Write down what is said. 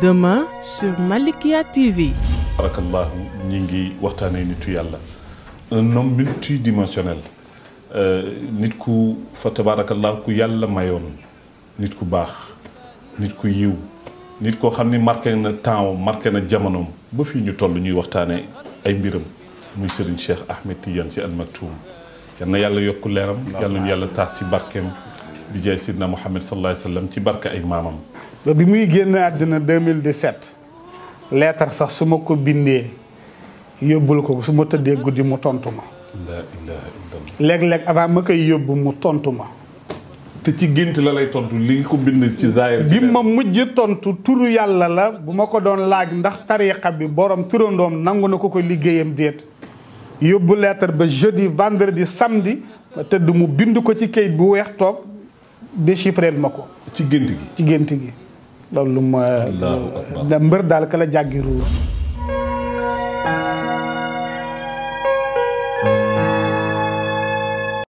demain sur Malikia TV. barakallahu ñi ngi waxtaanee nitu yàlla un homme multidimensionnel euh, nit ku fa tabarakallahu ku yàlla mayoon nit ku baax nit ku yiw nit koo xam marqué na temps marqué na jamonoom ba fii ñu toll ñuy waxtaanee ay mbiram muy Serigne Cheikh Ahmed Tidiane Sy Al Maktoum yal na yàlla yokk leeram yal na yàlla taas ci barkeem. bi jaay sidna Muhammad sallallahu alayhi wa sallam ci barke ay maamam. ba bi muy génn àddina 2017 leetar sax su ma ko bindee yóbbul ko su ma tëddee guddi mu tontu ma. la ilaha illallah. léeg-léeg avant ma koy yóbbu mu tontu ma. te ci gént la lay tontu li nga ko bind ci zaahir. bi ma mujj tontu turu yàlla la bu ma ko doon laaj ndax tariqa bi borom turandoom nangu na ko ko liggéeyam déet. yóbbu leetar ba jeudi vendredi samedi tëdd mu bind ko ci kayit bu weex toog. déchiffreel ma ko. ci gént gi ci gént gi. loolu ma mbër daal ka la jàggi